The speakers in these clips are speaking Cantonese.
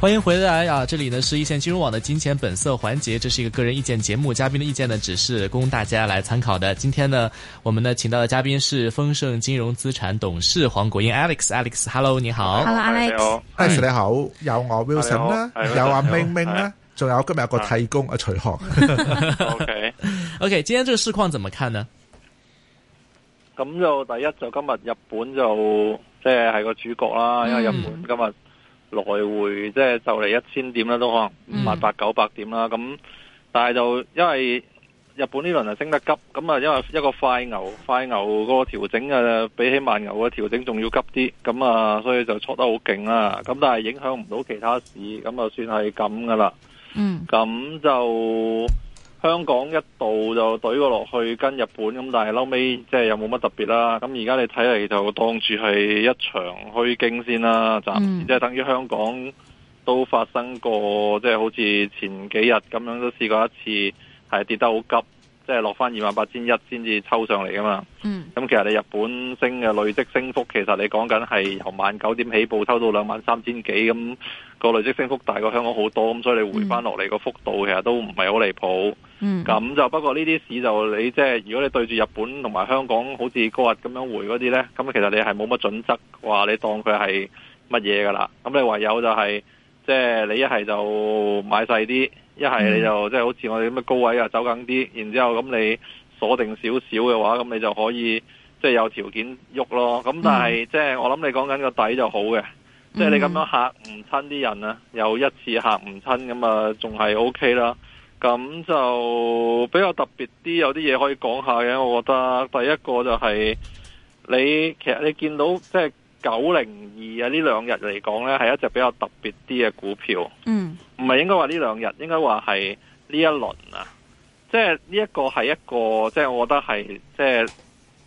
歡迎回來啊！這裏呢是一線金融網的金錢本色環節，這是一個個人意見節目，嘉賓的意見呢只是供大家來參考的。今天呢，我們呢請到的嘉賓是豐盛金融資產董事黃國英 Alex，Alex，Hello，你好，Hello，Alex，Alex 你好，有我 Wilson 啦，有阿明明啦，仲有今日有個替工阿徐航，OK，OK，今天這個市況怎麼看呢？咁就第一就今日日本就即係係個主角啦，因為日本今日。來回即係就嚟一千點啦，都可能五、嗯、八九百點啦。咁但係就因為日本呢輪啊升得急，咁啊因為一個快牛快牛嗰個調整啊，比起慢牛嘅調整仲要急啲。咁啊，所以就挫得好勁啦。咁但係影響唔到其他市，咁啊算係咁噶啦。嗯，咁就。香港一度就懟過落去跟日本咁，但係後尾即係又冇乜特別啦。咁而家你睇嚟，就當住係一場虛驚先啦，暫時就即係等於香港都發生過，即係好似前幾日咁樣都試過一次，係跌得好急。即係落翻二萬八千一先至抽上嚟噶嘛，咁、嗯、其實你日本升嘅累積升幅，其實你講緊係由晚九點起步抽到兩萬三千幾，咁、個累積升幅大過香港好多，咁所以你回翻落嚟個幅度其實都唔係好離譜。咁、嗯、就不過呢啲市就你即係、就是、如果你對住日本同埋香港好似嗰日咁樣回嗰啲呢，咁其實你係冇乜準則話你當佢係乜嘢噶啦。咁你唯有就係即係你一係就買細啲。一係你就、mm hmm. 即係好似我哋咁嘅高位啊，走緊啲，然之後咁你鎖定少少嘅話，咁你就可以即係有條件喐咯。咁、mm hmm. 但係即係我諗你講緊個底就好嘅，mm hmm. 即係你咁樣嚇唔親啲人啊，又一次嚇唔親咁啊，仲係 O K 啦。咁就比較特別啲，有啲嘢可以講下嘅。我覺得第一個就係、是、你其實你見到即係。九零二啊！呢兩日嚟講呢係一隻比較特別啲嘅股票。嗯，唔係應該話呢兩日，應該話係呢一輪啊。即係呢一個係一個，即係我覺得係即係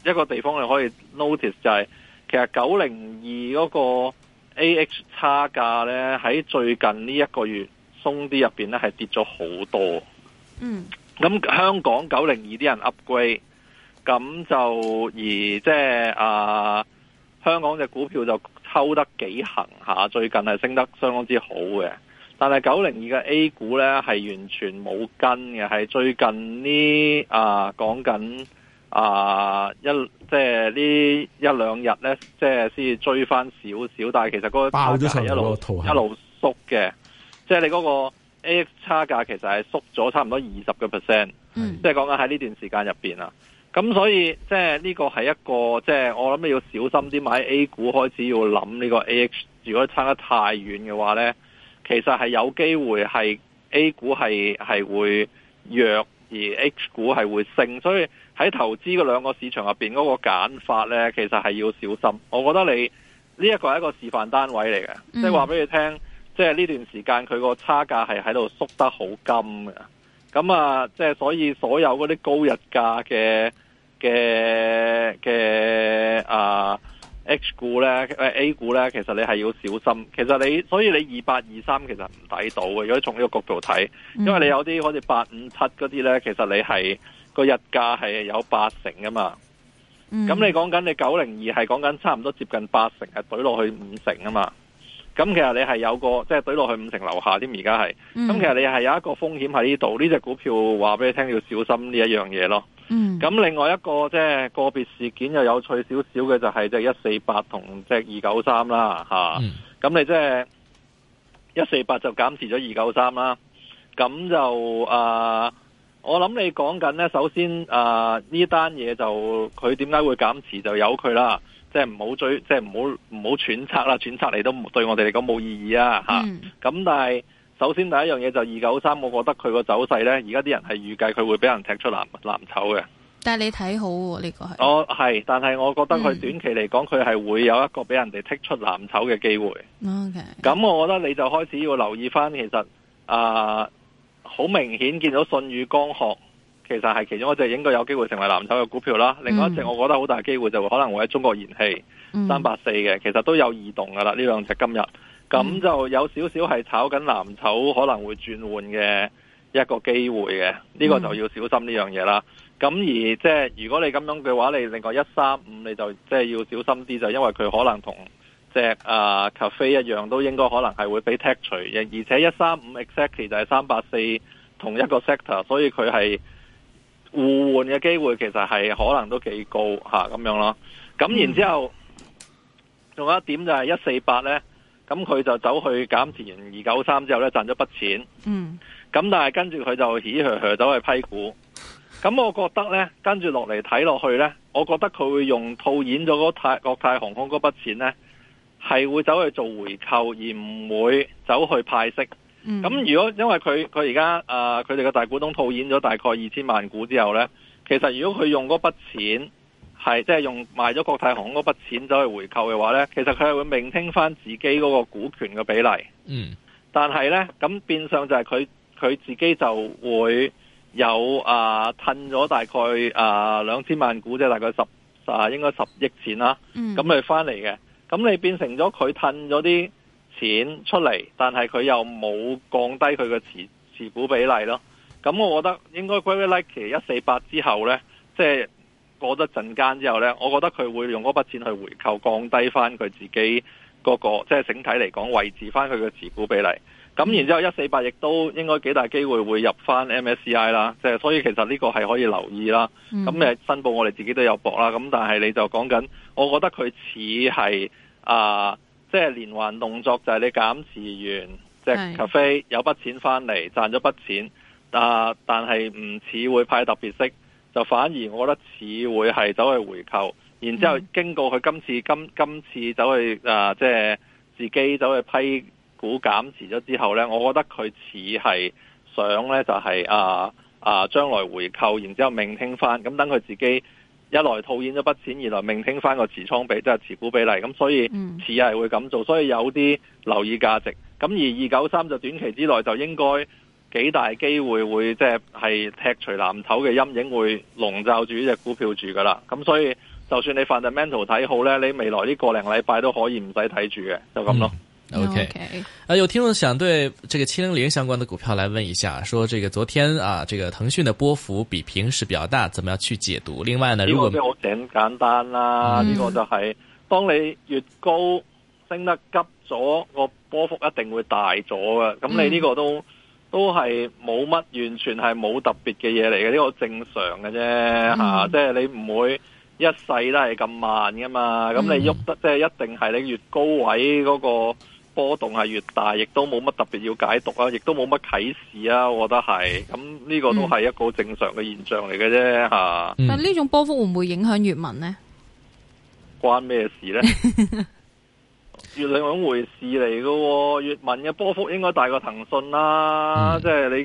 一個地方你可以 notice 就係，其實九零二嗰個 AH 差價呢，喺最近呢一個月鬆啲入邊呢，係跌咗好多。嗯，咁香港九零二啲人 upgrade，咁就而即係啊。香港隻股票就抽得幾行下，最近係升得相當之好嘅。但係九零二嘅 A 股咧係完全冇跟嘅，係最近啊啊、就是、呢啊講緊啊一即係呢一兩日咧，即係先至追翻少少，但係其實嗰個價一路一路縮嘅，即係、嗯就是、你嗰個 A 股差價其實係縮咗差唔多二十個 percent，即係講緊喺呢段時間入邊啊。咁所以即係呢個係一個即係、就是、我諗你要小心啲買 A 股，開始要諗呢個 A H，如果差得太遠嘅話呢，其實係有機會係 A 股係係會弱，而 H 股係會升，所以喺投資個兩個市場入邊嗰個揀法呢，其實係要小心。我覺得你呢一個係一個示範單位嚟嘅，即係話俾你聽，即係呢段時間佢個差價係喺度縮得好金嘅。咁啊，即係、嗯、所以所有嗰啲高日價嘅嘅嘅啊 H 股咧，誒 A 股咧，其實你係要小心。其實你所以你二八二三其實唔抵到嘅，如果從呢個角度睇，因為你有啲好似八五七嗰啲咧，其實你係個日價係有八成㗎嘛。咁、嗯、你講緊你九零二係講緊差唔多接近八成，係賠落去五成㗎嘛。咁其實你係有個即係懟落去五成樓下添，而家係，咁、嗯、其實你係有一個風險喺呢度，呢隻股票話俾你聽要小心呢一樣嘢咯。咁、嗯、另外一個即係個別事件又有趣少少嘅就係即係一四八同隻二九三啦吓，咁、嗯、你即係一四八就減持咗二九三啦，咁就啊。我諗你講緊呢，首先啊，呢單嘢就佢點解會減持，就由佢啦，即係唔好追，即係唔好唔好揣測啦，揣測你都對我哋嚟講冇意義啊，吓、嗯。咁、啊、但係首先第一樣嘢就二九三，我覺得佢個走勢呢，而家啲人係預計佢會俾人踢出嚟藍籌嘅、這個哦。但係你睇好呢個係？哦，係，但係我覺得佢短期嚟講，佢係、嗯、會有一個俾人哋踢出藍籌嘅機會。OK 咁我覺得你就開始要留意返，其實啊。呃好明顯見到舜宇光學其實係其中一隻應該有機會成為藍籌嘅股票啦。另外一隻我覺得好大機會就會可能會喺中國燃氣三八四嘅，其實都有異動噶啦呢兩隻今日。咁就有少少係炒緊藍籌可能會轉換嘅一個機會嘅。呢、這個就要小心呢樣嘢啦。咁、嗯、而即、就、係、是、如果你咁樣嘅話，你另外一三五你就即係要小心啲，就是、因為佢可能同。隻啊 cafe 一樣都應該可能係會被剔除嘅，而且一三五 exactly 就係三八四同一個 sector，所以佢係互換嘅機會其實係可能都幾高吓咁樣咯。咁然之後仲有一點就係一四八呢，咁佢就走去減持完二九三之後呢，賺咗筆錢，嗯，咁但係跟住佢就唏噓噓走去批股，咁我覺得呢，跟住落嚟睇落去呢，我覺得佢會用套現咗泰國泰航空嗰筆錢咧。係會走去做回購，而唔會走去派息。咁、嗯、如果因為佢佢而家，誒佢哋嘅大股東套現咗大概二千萬股之後呢，其實如果佢用嗰筆錢係即係用賣咗國泰行嗰筆錢走去回購嘅話呢，其實佢係會聆聽翻自己嗰個股權嘅比例。嗯，但係呢，咁變相就係佢佢自己就會有誒褪咗大概誒兩千萬股，即係大概十啊，應該十億錢啦。嗯，咁佢翻嚟嘅。咁你變成咗佢褪咗啲錢出嚟，但係佢又冇降低佢嘅持持股比例咯。咁、嗯嗯嗯、我覺得應該歸 like 其實一四八之後呢，即、就、係、是、過咗陣間之後呢，我覺得佢會用嗰筆錢去回購降低翻佢自己嗰、那個即係、就是、整體嚟講維持翻佢嘅持股比例。咁然之後一四八亦都應該幾大機會會入翻 MSCI 啦，即、就、係、是、所以其實呢個係可以留意啦。咁誒、嗯，申報我哋自己都有博啦，咁但係你就講緊，我覺得佢似係。啊，即係連環動作就係你減持完即係是咖啡有筆錢翻嚟賺咗筆錢，啊，但係唔似會派特別息，就反而我覺得似會係走去回購，然之後經過佢今次今今次走去啊，即係自己走去批股減持咗之後咧，我覺得佢似係想咧就係、是、啊啊將來回購，然之後命聽，翻，咁等佢自己。一來套現咗筆錢，二來明聽翻個持倉比，即係持股比例，咁所以似係、嗯、會咁做，所以有啲留意價值。咁而二九三就短期之內就應該幾大機會會即係係踢除藍籌嘅陰影，會籠罩住呢隻股票住噶啦。咁所以就算你 fundamental 睇好呢，你未來呢個零禮拜都可以唔使睇住嘅，就咁咯。嗯 O.K. okay. 啊，有聽眾想對這個七零零相關的股票來問一下，說這個昨天啊，這個騰訊的波幅比平時比較大，怎麼樣去解讀？另外呢，如果呢好簡單啦，呢、嗯、個就係、是、當你越高升得急咗，個波幅一定會大咗嘅。咁你呢個都、嗯、都係冇乜，完全係冇特別嘅嘢嚟嘅，呢、呢個正常嘅啫吓。即係、嗯啊就是、你唔會一世都係咁慢噶嘛。咁你喐得即係一定係你越高位嗰、那個。波動係越大，亦都冇乜特別要解讀啊，亦都冇乜啟示啊，我覺得係咁，呢個都係一個正常嘅現象嚟嘅啫吓。嗯、但呢種波幅會唔會影響閱文呢？關咩事呢？另外一 回事嚟噶，閱文嘅波幅應該大過騰訊啦，嗯、即係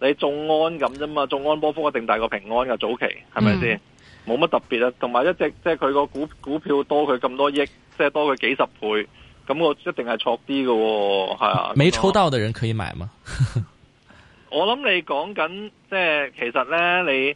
你你眾安咁啫嘛，眾安波幅一定大過平安嘅早期，係咪先？冇乜、嗯、特別啊，同埋一隻即係佢個股股票多佢咁多億，即係多佢幾十倍。咁我一定係錯啲嘅，係啊、嗯。未抽到嘅人可以買嗎？ 我諗你講緊，即係其實呢，你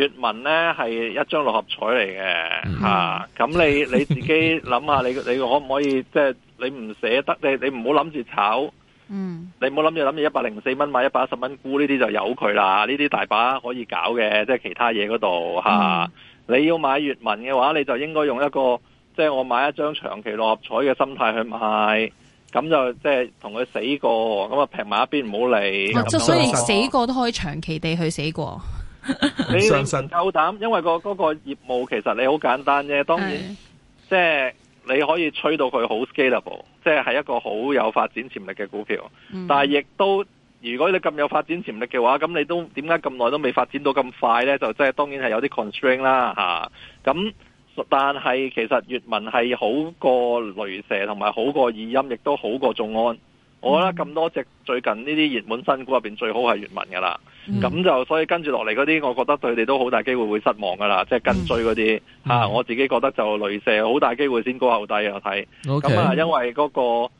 閱文呢係一張六合彩嚟嘅吓。咁、嗯啊、你你自己諗下你，你你可唔可以即係、就是、你唔捨得？你你唔好諗住炒，嗯，你唔好諗住諗住一百零四蚊買一百一十蚊股呢啲就由佢啦。呢啲大把可以搞嘅，即係其他嘢嗰度吓。啊嗯、你要買閱文嘅話，你就應該用一個。即係我買一張長期六合彩嘅心態去買，咁就即係同佢死過，咁啊撇埋一邊唔好理。即係、哦、所以死過都可以長期地去死過。 你神神夠膽，因為個嗰個業務其實你好簡單啫。當然，是即係你可以吹到佢好 scalable，即係係一個好有發展潛力嘅股票。嗯、但係亦都，如果你咁有發展潛力嘅話，咁你都點解咁耐都未發展到咁快呢？就即係當然係有啲 constraint 啦吓。咁、啊啊啊啊啊但係其實閱文係好過雷蛇同埋好過易鑫，亦都好過眾安。我覺得咁多隻最近呢啲熱門新股入邊，最好係閱文噶啦。咁、嗯、就所以跟住落嚟嗰啲，我覺得對佢哋都好大機會會失望噶啦，即係跟追嗰啲吓。我自己覺得就雷蛇好大機會先高後低啊，睇。咁 Okay. 啊，因為嗰個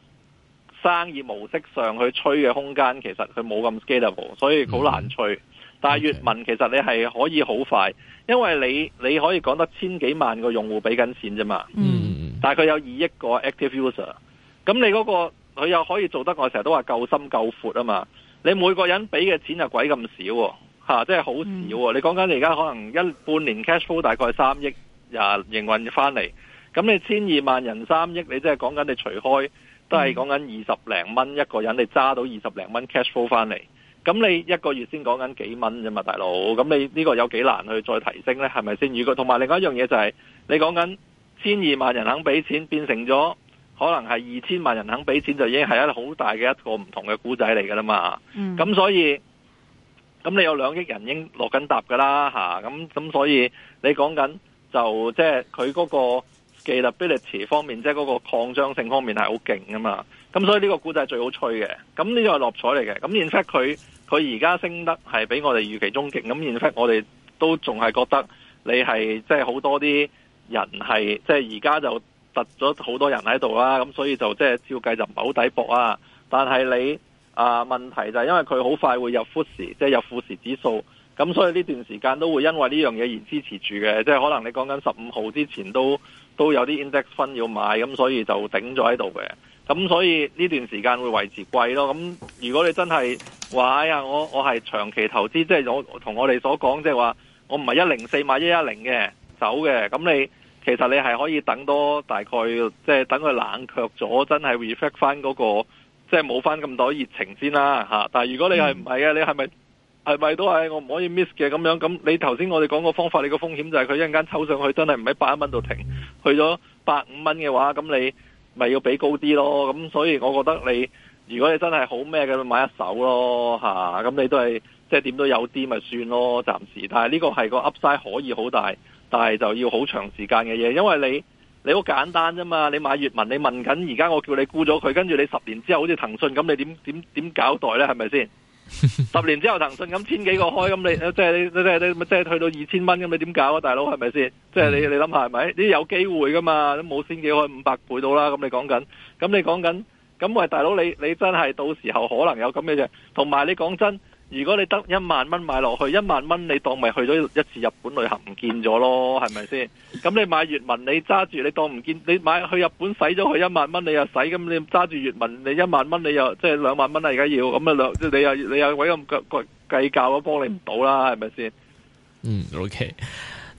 生意模式上去吹嘅空間，其實佢冇咁 scalable，所以好難吹。嗯但係閱文其實你係可以好快，因為你你可以講得千幾萬個用戶俾緊錢啫嘛。嗯，但係佢有二億個 active user，咁你嗰個佢又可以做得我成日都話夠深夠闊啊嘛。你每個人俾嘅錢就鬼咁少啊，嚇啊，即係好少啊。嗯，你講緊你而家可能一半年 cash flow 大概三億，啊營運翻嚟，咁你千二萬人三億，你即係講緊你除開都係講緊二十零蚊一個人，你揸到二十零蚊 cash flow 翻嚟。咁你一個月先講緊幾蚊啫嘛，大佬。咁你呢個有幾難去再提升呢？係咪先預？如果同埋另外一樣嘢就係、是、你講緊千二萬人肯俾錢，變成咗可能係二千萬人肯俾錢，就已經係一好大嘅一個唔同嘅故仔嚟噶啦嘛。咁、嗯、所以咁你有兩億人應落緊踏噶啦吓，咁、啊、咁所以你講緊就即係佢嗰個 scalability 方面，即係嗰個擴張性方面係好勁噶嘛。咁所以呢個故仔係最好吹嘅。咁呢個係落彩嚟嘅。咁而且佢佢而家升得係比我哋預期中勁咁，因此我哋都仲係覺得你係即係好多啲人係即係而家就突咗好多人喺度啦，咁所以就即係照計就唔係好抵搏啊。但係你啊，問題就係因為佢好快會入富時，即係入富時指數，咁所以呢段時間都會因為呢樣嘢而支持住嘅，即係可能你講緊十五號之前都都有啲 index fund 要買，咁所以就頂咗喺度嘅。咁所以呢段時間會維持貴咯。咁如果你真係，話呀，我我係長期投資，即係我同我哋所講，即係話我唔係一零四買一一零嘅走嘅。咁你其實你係可以等多大概，即係等佢冷卻咗，真係 reflect 翻嗰個，即係冇翻咁多熱情先啦吓。但係如果你係唔係啊，你係咪係咪都係我唔可以 miss 嘅咁樣？咁你頭先我哋講個方法，你個風險就係佢一陣間抽上去，真係唔喺百一蚊度停，去咗百五蚊嘅話，咁你咪要俾高啲咯。咁所以我覺得你。如果你真係好咩嘅，買一手咯嚇，咁、啊、你都係即係點都有啲咪算咯，暫時。但係呢個係個 Upside 可以好大，但係就要好長時間嘅嘢，因為你你好簡單啫嘛。你買閱文，你問緊而家我叫你估咗佢，跟住你十年之後好似騰訊咁，你點點點搞代呢？係咪先？ 十年之後騰訊咁千幾個開咁，你即係你即係去到二千蚊咁，你點搞啊？大佬係咪先？即係你你諗下係咪？你有機會噶嘛？都冇先幾開五百倍到啦。咁你講緊，咁你講緊。咁喂，大佬你你真係到時候可能有咁嘅嘢，同埋你講真，如果你得一萬蚊買落去，一萬蚊你當咪去咗一次日本旅行唔見咗咯，係咪先？咁你買閱文你揸住你當唔見，你買去日本使咗佢一萬蚊，你又使咁你揸住閱文你一萬蚊你又即係兩萬蚊啦，而家要咁啊兩，即你又你有位咁計計計較都幫你唔到啦，係咪先？嗯，OK。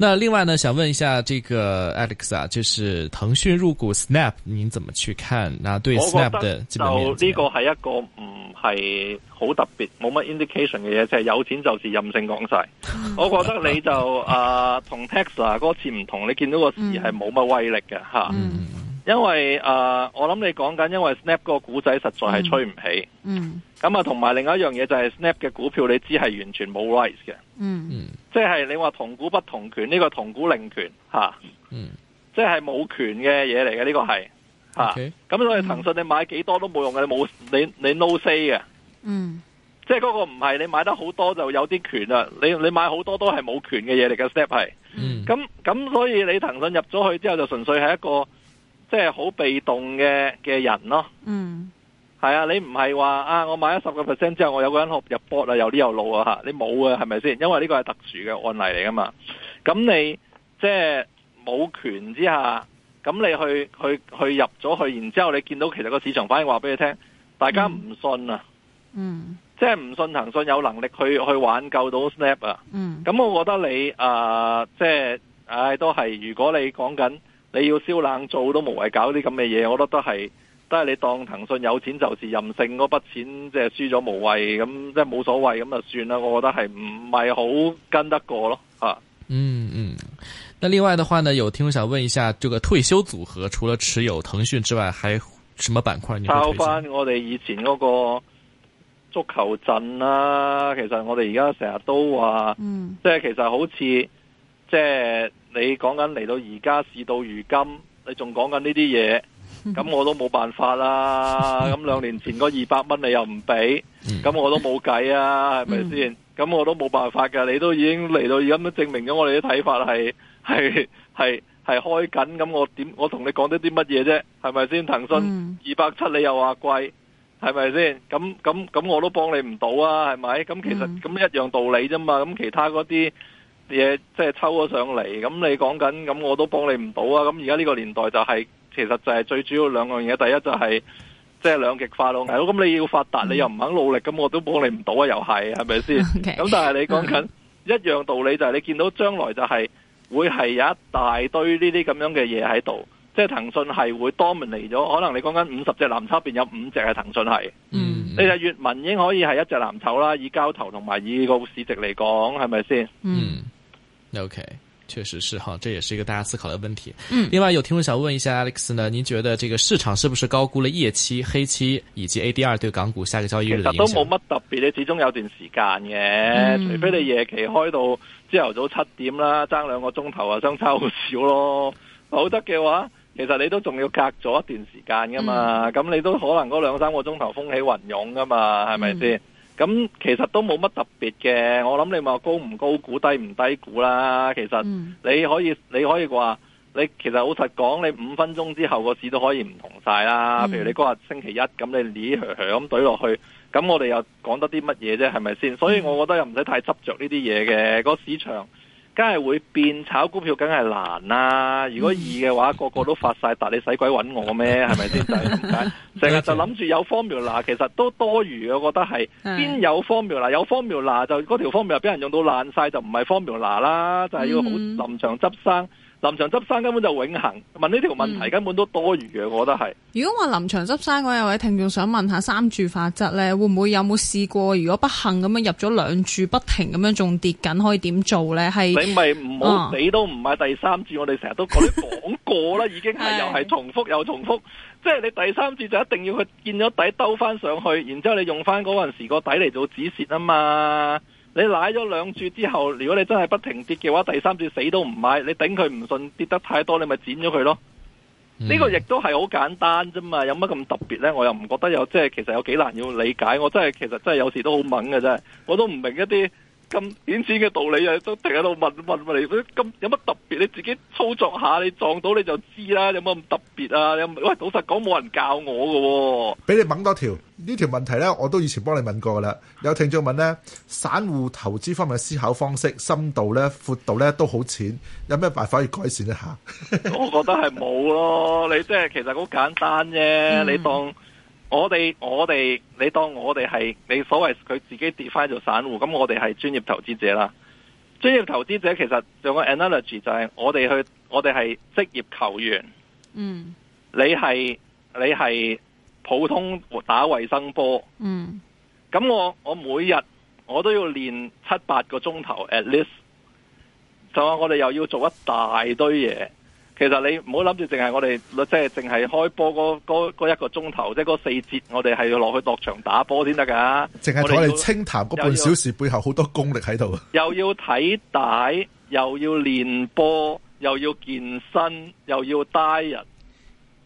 那另外呢，想問一下這個 Alex 啊，就是騰訊入股 Snap，您怎麼去看啊？那對 Snap 的基本面？我覺得就呢個係一個唔係好特別，冇乜 indication 嘅嘢，就係有錢就是任性講晒。我覺得你就啊，同 Tesla 嗰次唔同，你見到個市係冇乜威力嘅吓。 嗯。因為誒、呃，我諗你講緊，因為 Snap 個股仔實在係吹唔起。嗯。嗯。咁啊，同埋另一樣嘢，就係 Snap 嘅股票，你知係完全冇 rights 嘅。嗯嗯。即係你話同股不同權呢、這個同股零權吓。嗯。即係冇權嘅嘢嚟嘅呢個係吓。咁 okay,、嗯、所以騰訊你買幾多都冇用嘅，你冇你你 no say 嘅。嗯。即係嗰個唔係你買得好多就有啲權啦，你你買好多都係冇權嘅嘢嚟嘅，Snap 係。咁咁、嗯嗯、所以你騰訊入咗去之後就純粹係一個。嗯即係好被動嘅嘅人咯，喔，嗯，係啊，你唔係話啊，我買咗十個 percent 之後，我有個人學入 board 啊，有啲有路啊吓，你冇啊，係咪先？因為呢個係特殊嘅案例嚟噶嘛，咁你即係冇權之下，咁你去去去入咗去，去，然之後你見到其實個市場反應，話俾你聽，大家唔信啊，嗯，mm. 即係唔信騰訊有能力去去挽救到 Snap 啊，嗯，咁我覺得你啊、呃，即係，唉、哎，都係如果你講緊。你要燒冷灶，都無謂搞啲咁嘅嘢，我覺得都係都係你當騰訊有錢就是任性嗰筆錢輸，即係輸咗無謂，咁即係冇所謂咁就算啦。我覺得係唔係好跟得過咯，吓、啊。嗯嗯，那另外的話呢，有聽眾想問一下，這個退休組合除了持有騰訊之外，還什麼板塊？抄翻我哋以前嗰個足球陣啦、啊，其實我哋而家成日都話，嗯、即係其實好似即係。你講緊，嚟到而家事到如今，你仲講緊呢啲嘢，咁我都冇辦法啦。咁兩年前嗰二百蚊你又唔畀，咁我都冇計啊，係咪先？咁、嗯、我都冇辦法噶。你都已經嚟到而家都證明咗我哋啲睇法係係係係開緊。咁我點我同你講啲啲乜嘢啫？係咪先？騰訊二百七你又話貴，係咪先？咁咁咁我都幫你唔到啊，係咪？咁其實咁一樣道理啫嘛。咁其他嗰啲。嘢即係抽咗上嚟，咁你講緊咁，我都幫你唔到啊！咁而家呢個年代就係、是、其實就係最主要兩樣嘢，第一就係即係兩極化咯。咁你要發達，你又唔肯努力，咁我都幫你唔到啊！又係，係咪先？咁 Okay. 但係你講緊 Okay. 一樣道理、就是，就係你見到將來就係、是、會係有一大堆呢啲咁樣嘅嘢喺度，即係騰訊係會 dominate 咗。可能你講緊五十隻藍籌，邊有五隻係騰訊係？嗯、mm，其實閱文已經可以係一隻藍籌啦，以交投同埋以個市值嚟講，係咪先？嗯、mm。Hmm. O、okay, K，確實是哈，這也是一個大家思考的問題。嗯、另外有聽眾想問一下 Alex 呢，您覺得這個市場是不是高估了夜期、黑期以及 ADR 對港股下個交易日嘅影響？其實都冇乜特別，你始終有段時間嘅，嗯、除非你夜期開到朝頭早七點啦，爭兩個鐘頭啊，相差好少咯。否則嘅話，其實你都仲要隔咗一段時間噶嘛，咁、嗯、你都可能嗰兩三個鐘頭風起雲湧噶嘛，係咪先？嗯咁其實都冇乜特別嘅，我諗你咪話高唔高估、低唔低估啦。其實你可以你可以話你其實老實講，你五分鐘之後個市都可以唔同晒啦。譬如你嗰日星期一咁，你呢蛇蛇咁懟落去，咁我哋又講得啲乜嘢啫？係咪先？所以我覺得又唔使太執着呢啲嘢嘅個市場，梗係會變，炒股票梗係難啦、啊。如果易嘅話，個個,個都發晒達，你使鬼揾我咩？係咪先？就係咁解。成日就諗住有 formula，其實都多餘。我覺得係邊有 formula？有 formula 就嗰條 formula 又俾人用到爛晒。就唔係 formula 啦。就係、是、要好臨場執生。臨場執生根本就永恆，問呢條問題根本都多餘嘅，我覺得係。如果話臨場執生，我有位聽眾想問下三注法則呢，會唔會有冇試過？如果不幸咁樣入咗兩注，不停咁樣仲跌緊，可以點做呢？係你咪唔好死都唔係第三注，我哋成日都講過啦，已經係 又係重複又重複， 即係你第三注就一定要去見咗底兜翻，上去，然之後你用翻嗰陣時個底嚟，做止蝕啊嘛。你舐咗兩注之後，如果你真係不停跌嘅話，第三次死都唔買，你頂佢唔順跌得太多，你咪剪咗佢咯。呢、嗯、個亦都係好簡單啫嘛，有乜咁特別呢？我又唔覺得有，即係其實有幾難要理解，我真係其實真係有時都好懵嘅啫，我都唔明一啲。咁顯淺嘅道理啊，你都停喺度問問問你咁有乜特別？你自己操作下，你撞到你就知啦。有冇咁特別啊？有喂，老實講，冇人教我嘅。俾你掹多條呢條問題呢，我都以前幫你問過啦。有聽眾問呢，散戶投資方面嘅思考方式深度呢、闊度、度呢，都好淺，有咩辦法可以改善一下？ 我覺得係冇咯，你即係其實好簡單啫，嗯、你當。我哋我哋，你當我哋係你所謂佢自己跌返做散戶，咁我哋係專業投資者啦。專業投資者其實仲有個 analogy 就係我哋去，我哋係職業球員。嗯、mm.，你係你係普通打衛生波。嗯、mm.，咁我我每日我都要練七八個鐘頭 at least，就話我哋又要做一大堆嘢。其實你唔好諗住淨係我哋，即係淨係開波個一個鐘頭，即係嗰四節，我哋係要落去落場打波先得㗎。淨係我哋清談嗰半小時背後好多功力喺度要 ，又要睇帶，又要練波，又要健身，又要帶人。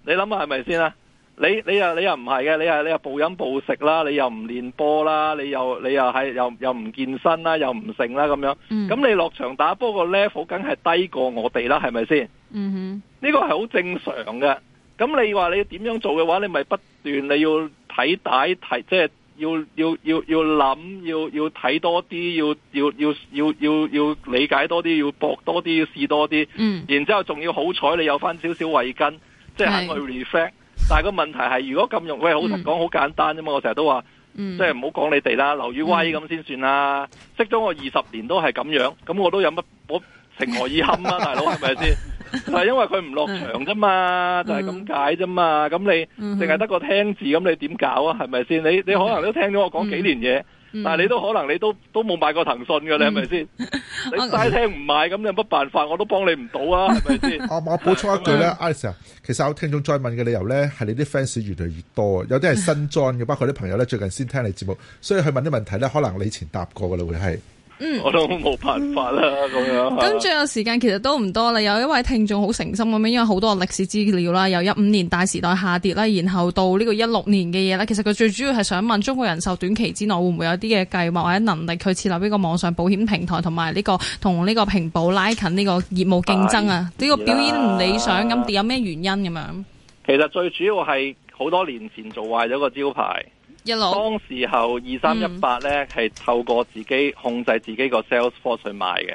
你諗下係咪先啦？你你又你又唔係嘅，你又你係暴飲暴食啦，你又唔練波啦，你又你又係又又唔健身啦，又唔成啦咁樣。咁、嗯、你落場打波個 level 梗係低過我哋啦，係咪先？嗯哼，呢個係好正常嘅。咁你話你要點樣做嘅話，你咪不斷你要睇底睇，即係要要要要諗，要要睇多啲，要要要要要要，要，要理解多啲，要搏多啲，要試多啲。嗯、然之後仲要好彩，你有翻少少慧根，即係肯去 reflect。但係個問題係，如果咁用，喂、哎，老實講好簡單啫嘛。我成日都話，即係唔好講你哋啦，劉宇威咁先算啊。識咗我二十年都係咁樣，咁我都有乜，我情何以堪啊，大佬係咪先？是 就係因為佢唔落場啫嘛，嗯、就係咁解啫嘛。咁、嗯、你淨係得個聽字，咁你點搞啊？係咪先？你你可能都聽咗我講幾年嘢，嗯嗯、但係你都可能你都都冇買過騰訊嘅，嗯、你係咪先？嗯、你齋聽唔買，咁你有乜辦法？我都幫你唔到啊，係咪先？吧 我我補充一句咧，Alice 啊， 其實我聽眾再問嘅理由咧，係你啲 fans 越嚟越多，有啲係新 join 嘅，包括啲朋友咧，最近先聽你節目，所以佢問啲問題咧，可能你以前答過噶啦，會係。嗯，我都冇辦法啦，咁、嗯、樣。咁、嗯、吧最後時間其實都唔多啦，有一位聽眾好誠心咁樣，因為好多歷史資料啦，由一五年大時代下跌啦，然後到呢個一六年嘅嘢啦，其實佢最主要係想問中國人壽短期之內會唔會有啲嘅計劃或者能力去設立呢個網上保險平台，同埋呢個同呢個平保拉近呢個業務競爭啊？呢個表演唔理想，咁有咩原因咁樣？其實最主要係好多年前做壞咗個招牌。16? 當時候二三一八咧係透過自己控制自己個 sales force 去賣嘅，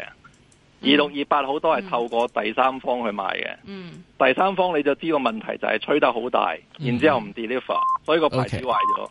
二六二八好多係透過第三方去賣嘅，嗯，mm. 第三方你就知個問題就係吹得好大，mm. 然之後唔 deliver，所以個牌子壞咗。Okay.